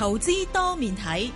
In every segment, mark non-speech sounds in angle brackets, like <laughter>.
投資多面睇。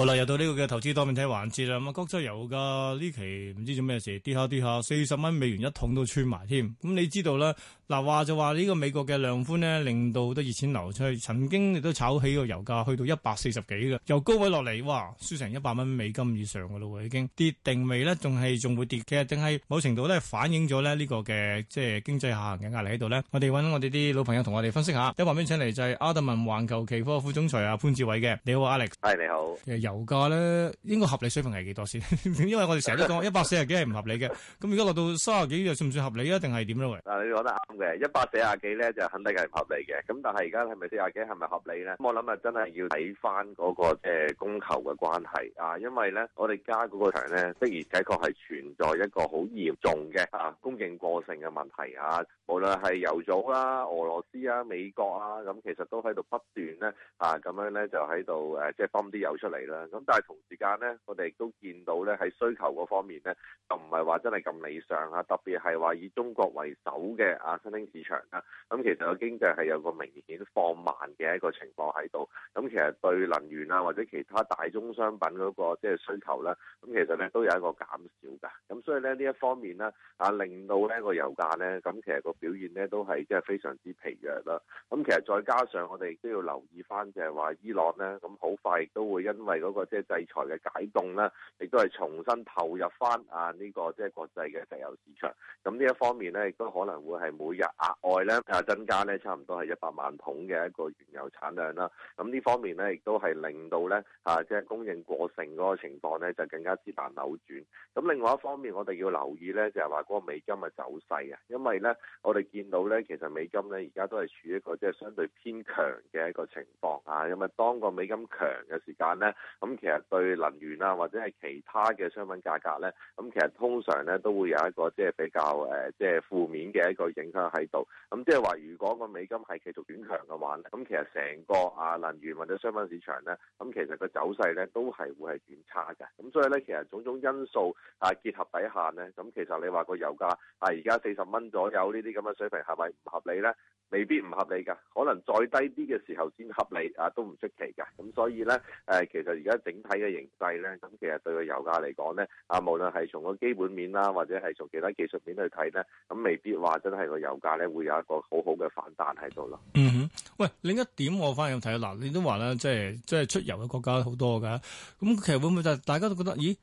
好啦，又到呢個嘅投資多面睇環節啦。咁啊，國際油價呢期唔知做咩事跌下跌下，四十蚊美元一桶都穿埋添。咁、嗯、你知道啦，嗱，話就話呢個美國嘅量寬呢，令到好多熱錢流出去，曾經亦都炒起個油價去到一百四十幾嘅，由高位落嚟哇，輸成一百蚊美金以上噶咯，已經跌定未呢？仲係仲會跌嘅，定係某程度都反映咗咧呢個嘅即係經濟下行嘅壓力喺度呢？我哋揾我哋啲老朋友同我哋分析一下，喺旁邊請嚟就係亞達盟環球期貨副總裁阿潘志偉嘅。你好，Alex。你好。油價咧應該合理水平係幾多先？ <laughs> 因為我哋成日都講一百四廿幾係唔合理嘅，咁如果落到三十幾又算唔算合理啊？定係點咯？嗱，你講得啱嘅，一百四廿幾咧就肯定係唔合理嘅。咁但係而家係咪四廿幾係咪合理咧？我諗啊、那個，真係要睇翻嗰個供求嘅關係啊，因為咧我哋加嗰個場咧，的而且確係存在一個好嚴重嘅啊供應過剩嘅問題啊。無論係油組啦、啊、俄羅斯啊、美國啊，咁其實都喺度不斷咧啊咁樣咧就喺度誒即係泵啲油出嚟啦。咁但係同時間咧，我哋亦都見到咧喺需求嗰方面咧，就唔係話真係咁理想嚇，特別係話以中國為首嘅啊新興市場啦。咁其實個經濟係有個明顯放慢嘅一個情況喺度。咁其實對能源啊或者其他大宗商品嗰個即係需求咧，咁其實咧都有一個減少㗎。咁所以咧呢一方面咧啊，令到呢個油價咧咁其實個表現咧都係即係非常之疲弱啦。咁其實再加上我哋亦都要留意翻，就係話伊朗咧，咁好快亦都會因為嗰個即係制裁嘅解凍啦，亦都係重新投入返啊呢個即係國際嘅石油市場。咁呢一方面咧，亦都可能會係每日額外咧啊增加咧，差唔多係一百萬桶嘅一個原油產量啦。咁呢方面咧，亦都係令到咧啊即係供應過剩嗰個情況咧，就更加之難扭轉。咁另外一方面，我哋要留意咧，就係話嗰個美金嘅走勢啊，因為咧我哋見到咧，其實美金咧而家都係處於一個即係相對偏強嘅一個情況啊。因為當個美金強嘅時間咧。咁其實對能源啦，或者係其他嘅商品價格咧，咁其實通常咧都會有一個即係比較誒，即、呃、係、就是、負面嘅一個影響喺度。咁即係話，如果個美金係繼續轉強嘅話，咁其實成個啊能源或者商品市場咧，咁其實個走勢咧都係會係轉差嘅。咁所以咧，其實種種因素啊結合底下咧，咁其實你話個油價啊而家四十蚊左右呢啲咁嘅水平係咪唔合理咧？未必唔合理噶，可能再低啲嘅時候先合理啊，都唔出奇噶。咁所以咧，誒、呃、其實而家整體嘅形勢咧，咁其實對個油價嚟講咧，啊無論係從個基本面啦，或者係從其他技術面去睇咧，咁未必話真係個油價咧會有一個好好嘅反彈喺度咯。嗯哼，喂，另一點我反而有睇嗱，你都話啦，即係即係出油嘅國家好多噶，咁其實會唔會就係大家都覺得，咦？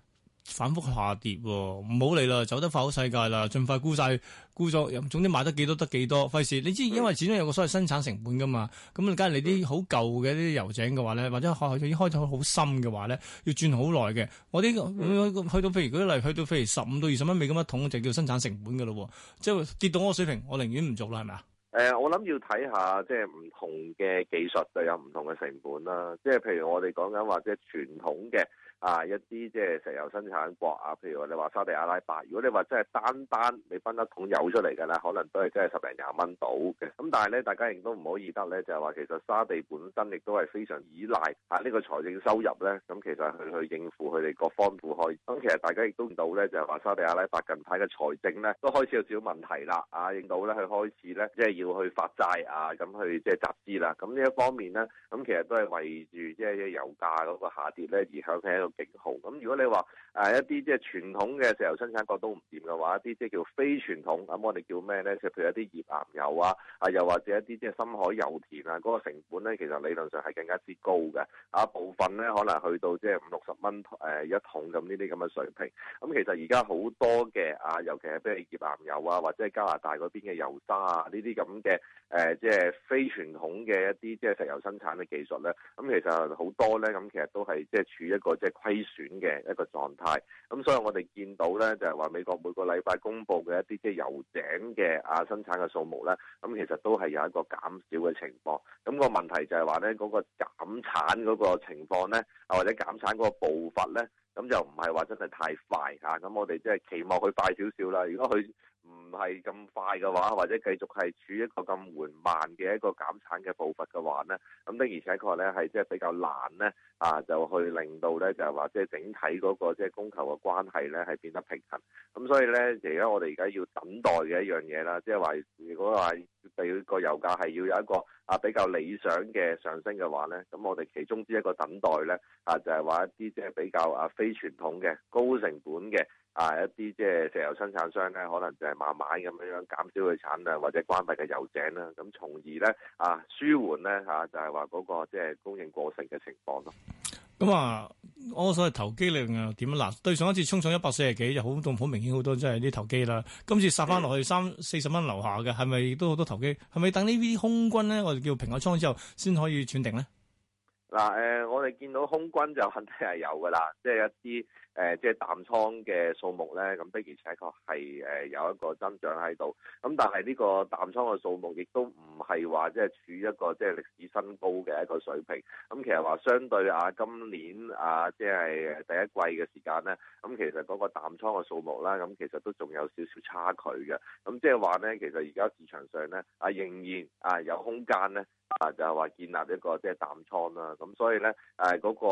反覆下跌喎、啊，唔好理啦，走得快好世界啦，盡快沽晒，沽咗，又總之買得幾多得幾多，費事。你知因為始終有個所謂生產成本噶嘛，咁啊，假如你啲好舊嘅啲油井嘅話咧，或者已經開開啲開到好深嘅話咧，要轉好耐嘅。我啲去到譬如嗰啲嚟，去到譬如十五到二十蚊美金一桶，就叫生產成本噶咯喎，即係跌到嗰個水平，我寧願唔做啦，係咪啊？誒、呃，我諗要睇下即係唔同嘅技術就有唔同嘅成本啦，即係譬如我哋講緊或者傳統嘅。啊！一啲即係石油生產國啊，譬如話你話沙地阿拉伯，如果你話真係單單你分得桶油出嚟嘅咧，可能都係真係十零廿蚊到嘅。咁但係咧，大家亦都唔可以得咧，就係話其實沙地本身亦都係非常依賴嚇呢個財政收入咧。咁其實去去應付佢哋各方負荷。咁其實大家亦都到咧，就係話沙地阿拉伯近排嘅財政咧都開始有少少問題啦。啊，應到咧佢開始咧即係要去發債啊，咁去即係集資啦。咁呢一方面咧，咁其實都係圍住即係油價嗰個下跌咧而響警號咁，如果你話誒、啊、一啲即係傳統嘅石油生產國都唔掂嘅話，一啲即係叫非傳統，咁、啊、我哋叫咩咧？就譬如一啲頁岩油啊，啊又或者一啲即係深海油田啊，嗰、那個成本咧，其實理論上係更加之高嘅，啊部分咧可能去到即係五六十蚊誒一桶咁呢啲咁嘅水平。咁、啊、其實而家好多嘅啊，尤其係譬如頁岩油啊，或者加拿大嗰邊嘅油砂啊，呢啲咁嘅誒即係非傳統嘅一啲即係石油生產嘅技術咧，咁、啊、其實好多咧，咁、啊、其實都係即係處於一個即係。虧損嘅一個狀態，咁所以我哋見到呢，就係話美國每個禮拜公布嘅一啲即係油井嘅啊生產嘅數目呢，咁其實都係有一個減少嘅情況。咁個問題就係話呢，嗰個減產嗰個情況呢，或者減產嗰個步伐呢，咁就唔係話真係太快嚇。咁我哋即係期望佢快少少啦。如果佢唔係咁快嘅話，或者繼續係處一個咁緩慢嘅一個減產嘅步伐嘅話咧，咁的而且確咧係即係比較難咧啊，就去令到咧就係話即係整體嗰個即係供求嘅關係咧係變得平衡。咁所以咧，而家我哋而家要等待嘅一樣嘢啦，即係話如果話對個油價係要有一個啊比較理想嘅上升嘅話咧，咁我哋其中之一個等待咧啊就係話一啲即係比較啊非傳統嘅高成本嘅。啊！一啲即係石油生產商咧，可能就係慢慢咁樣樣減少佢產量，或者關閉佢油井啦。咁、啊、從而咧，啊舒緩咧嚇、啊，就係話嗰個即係供應過剩嘅情況咯。咁啊，我所謂投機量又點啦？對上一次衝上一百四十幾就好，仲好明顯好多即係啲投機啦。今次殺翻落去三四十蚊樓下嘅，係咪亦都好多投機？係咪等呢啲空軍咧？我哋叫平咗倉之後，先可以轉定咧？嗱誒，我哋見到空軍就肯定係有噶啦，即係一啲誒即係淡倉嘅數目咧，咁的而且確係誒有一個增長喺度。咁但係呢個淡倉嘅數目亦都唔係話即係處一個即係歷史新高嘅一個水平。咁其實話相對啊，今年啊即係誒第一季嘅時間咧，咁其實嗰個淡倉嘅數目啦，咁其實都仲有少少差距嘅。咁即係話咧，其實而家市場上咧，啊仍然啊有空間咧。啊，就係話建立一個即係、就是、淡倉啦，咁所以咧，誒、那、嗰個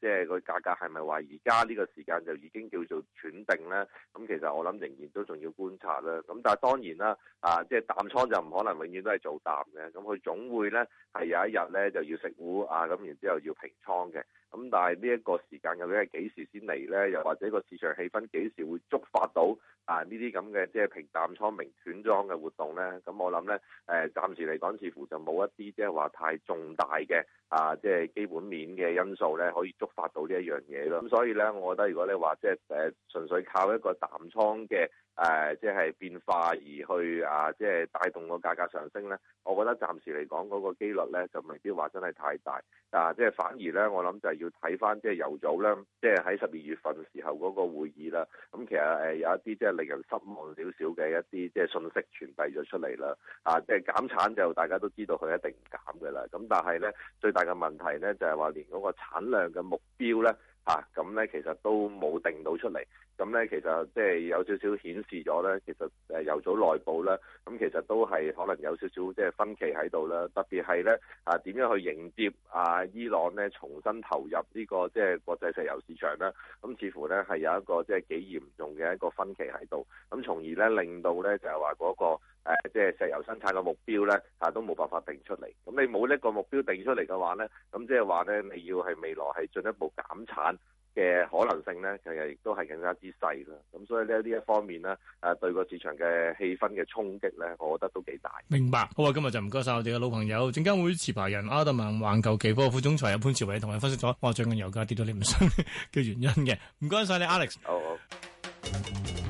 即係、呃就是、個價格係咪話而家呢個時間就已經叫做斷定咧？咁其實我諗仍然都仲要觀察啦。咁但係當然啦，啊即係、就是、淡倉就唔可能永遠都係做淡嘅，咁佢總會咧係有一日咧就要食糊啊，咁然之後要平倉嘅。咁但係呢一個時間究竟係幾時先嚟咧？又或者個市場氣氛幾時會觸發到？啊！呢啲咁嘅即係平淡倉明斷莊嘅活動咧，咁、嗯、我諗咧誒，暫時嚟講似乎就冇一啲即係話太重大嘅啊，即係基本面嘅因素咧，可以觸發到呢一樣嘢咯。咁、嗯、所以咧，我覺得如果你話即係誒純粹靠一個淡倉嘅。誒，即係、呃就是、變化而去啊！即、就、係、是、帶動個價格上升咧。我覺得暫時嚟講，嗰個機率咧就未必話真係太大。啊，即、就、係、是、反而咧，我諗就係要睇翻，即係由早咧，即係喺十二月份時候嗰個會議啦。咁、嗯、其實誒有一啲即係令人失望少少嘅一啲即係信息傳遞咗出嚟啦。啊，即、就、係、是、減產就大家都知道佢一定唔減嘅啦。咁但係咧，最大嘅問題咧就係、是、話連嗰個產量嘅目標咧。啊，咁咧其實都冇定到出嚟，咁咧其實即係有少少顯示咗咧，其實誒油組內部咧，咁其實都係可能有少少即係分歧喺度啦，特別係咧啊點樣去迎接啊伊朗咧重新投入呢個即係國際石油市場啦，咁、嗯、似乎咧係有一個即係幾嚴重嘅一個分歧喺度，咁、嗯、從而咧令到咧就係話嗰個。誒、啊，即係石油生產嘅目標咧，啊，都冇辦法定出嚟。咁、嗯、你冇呢個目標定出嚟嘅話咧，咁、啊、即係話咧，你要係未來係進一步減產嘅可能性咧，其實亦都係更加之細啦。咁、啊、所以咧，呢一方面咧，誒、啊，對個市場嘅氣氛嘅衝擊咧，我覺得都幾大。明白。好啊，今日就唔該晒我哋嘅老朋友證監會持牌人亞達盟環球期貨副總裁有潘志偉同我分析咗哇，最近油價跌到你唔信嘅原因嘅。唔該晒你，Alex 好。好好。